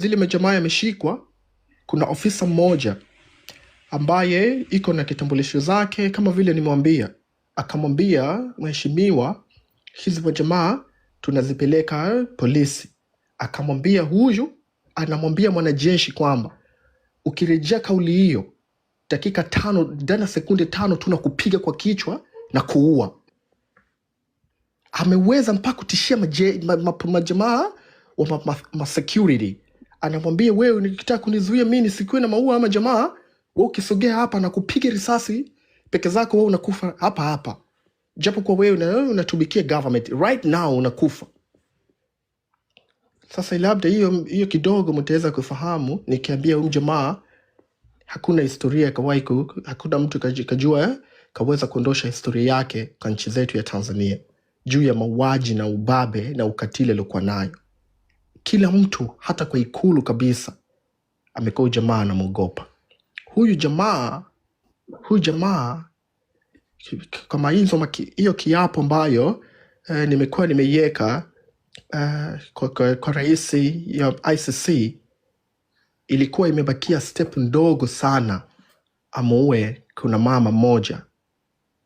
zile majamaa yameshikwa, kuna ofisa mmoja ambaye iko na kitambulisho zake kama vile nimewambia, akamwambia mheshimiwa, hizi majamaa tunazipeleka polisi. Akamwambia huyu, anamwambia mwanajeshi kwamba ukirejea kauli hiyo, dakika tano dana sekunde tano tu na kupiga kwa kichwa na kuua. Ameweza mpaka kutishia majamaa ma, ma, ma, ma, ma, ma, ma security anamwambia wewe, nikitaka kunizuia mimi nisikuwe na maua ama jamaa, wewe ukisogea hapa na kupiga risasi peke zako, wewe unakufa hapa hapa, japo kwa wewe unatumikia government right now, unakufa sasa. Labda hiyo hiyo kidogo mtaweza kufahamu nikiambia huyu jamaa hakuna historia kawai, hakuna mtu kajua eh, kaweza kuondosha historia yake kwa nchi zetu ya Tanzania juu ya mauaji na ubabe na ukatili aliokuwa nayo. Kila mtu hata kwa ikulu kabisa amekuwa jamaa anamwogopa huyu jamaa. Huyu jamaa kama hizo hiyo kiapo ambayo eh, nimekuwa nimeiweka eh, kwa, kwa, kwa rahisi ya ICC ilikuwa imebakia step ndogo sana amuue. Kuna mama mmoja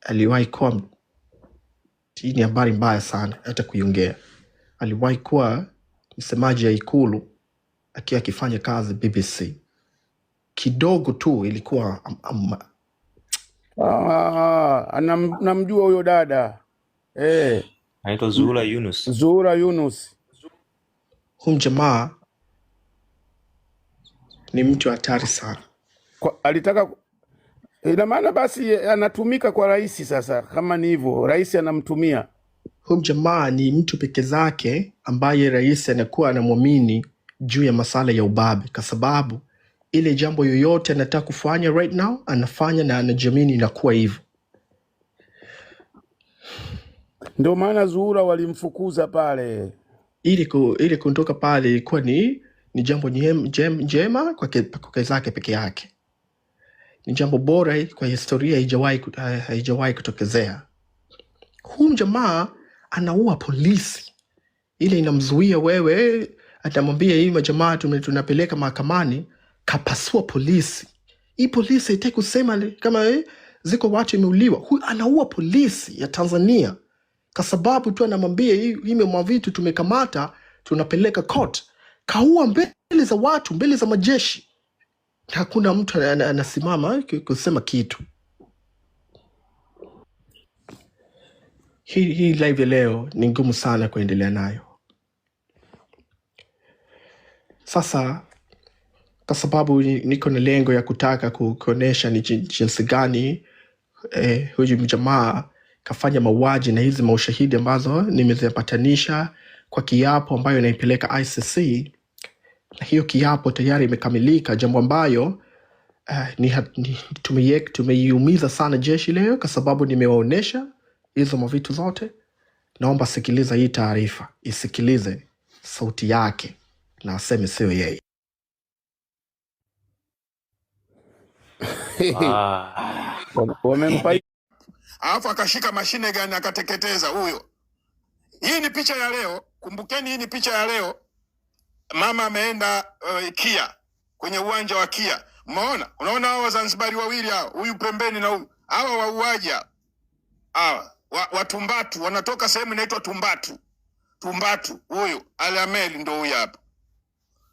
aliwahi kuwa, hii ni habari mbaya sana hata kuiongea, aliwahi kuwa msemaji ya Ikulu akiwa akifanya kazi BBC, kidogo tu ilikuwa am, am, ah, ah, anam- namjua huyo dada eh, anaitwa Zuhura Yunus. Zuhura Yunus. huyu jamaa ni mtu hatari sana. Kwa, alitaka ina maana basi anatumika kwa rais sasa. Kama ni hivyo, rais anamtumia huyu jamaa ni mtu peke zake ambaye rais anakuwa anamwamini juu ya masala ya ubabe, kwa sababu ile jambo yoyote anataka kufanya right now anafanya na anajamini inakuwa hivyo. Ndio maana Zuhura walimfukuza pale. Ili ku, ili kuondoka pale ilikuwa ni ni jambo njema kwa zake peke yake, ni jambo bora kwa historia haijawahi kutokezea. Huu jamaa anaua polisi, ile inamzuia wewe, atamwambia hii majamaa tunapeleka mahakamani, kapasua polisi. Hii polisi haitai kusema kama eh, ziko watu imeuliwa. Huyu anaua polisi ya Tanzania kwa sababu tu anamwambia hii tumekamata tunapeleka court. Kaua mbele za watu, mbele za majeshi, hakuna mtu anasimama eh, kusema kitu. hii hii live ya leo ni ngumu sana kuendelea nayo sasa, kwa sababu niko na lengo ya kutaka kuonyesha ni jinsi gani eh, huyu mjamaa kafanya mauaji na hizi maushahidi ambazo nimezipatanisha kwa kiapo ambayo inaipeleka ICC, na hiyo kiapo tayari imekamilika, jambo ambayo eh, tumeiumiza sana jeshi leo, kwa sababu nimewaonyesha hizo mavitu zote, naomba sikiliza hii taarifa, isikilize sauti yake na aseme sio yeye. Ah. alafu akashika mashine gani akateketeza huyo. Hii ni picha ya leo, kumbukeni, hii ni picha ya leo. Mama ameenda uh, Kia kwenye uwanja wa Kia, mmeona. Unaona hao Wazanzibari wawili hao, huyu pembeni na huyu, hawa wauaji hawa wa, wa Tumbatu wanatoka sehemu inaitwa Tumbatu. Tumbatu huyo Alameli ndo huyo hapa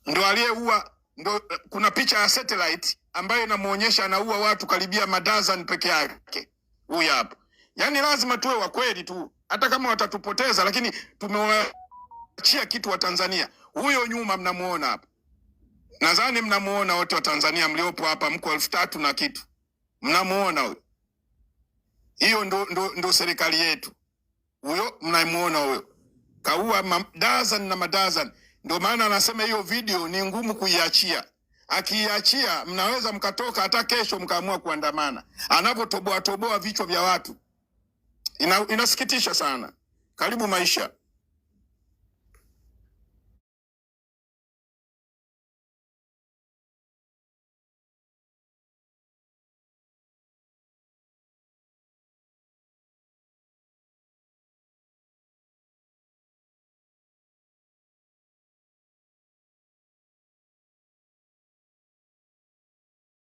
ndo aliyeua, ndo kuna picha ya satellite ambayo inamuonyesha anaua watu karibia madazani peke yake, huyo hapa. Yaani lazima tuwe wa kweli tu, hata kama watatupoteza, lakini tumewaachia kitu wa Tanzania. Huyo nyuma mnamuona hapa, nadhani mnamuona wote wa Tanzania mliopo hapa, mko elfu tatu na kitu, mnamuona huyo hiyo ndo, ndo, ndo serikali yetu. Huyo mnaimuona huyo, kaua madazan na madazan. Ndo maana anasema hiyo video ni ngumu kuiachia. Akiiachia mnaweza mkatoka hata kesho mkaamua kuandamana, anavyotoboa toboa vichwa vya watu ina, inasikitisha sana. Karibu maisha.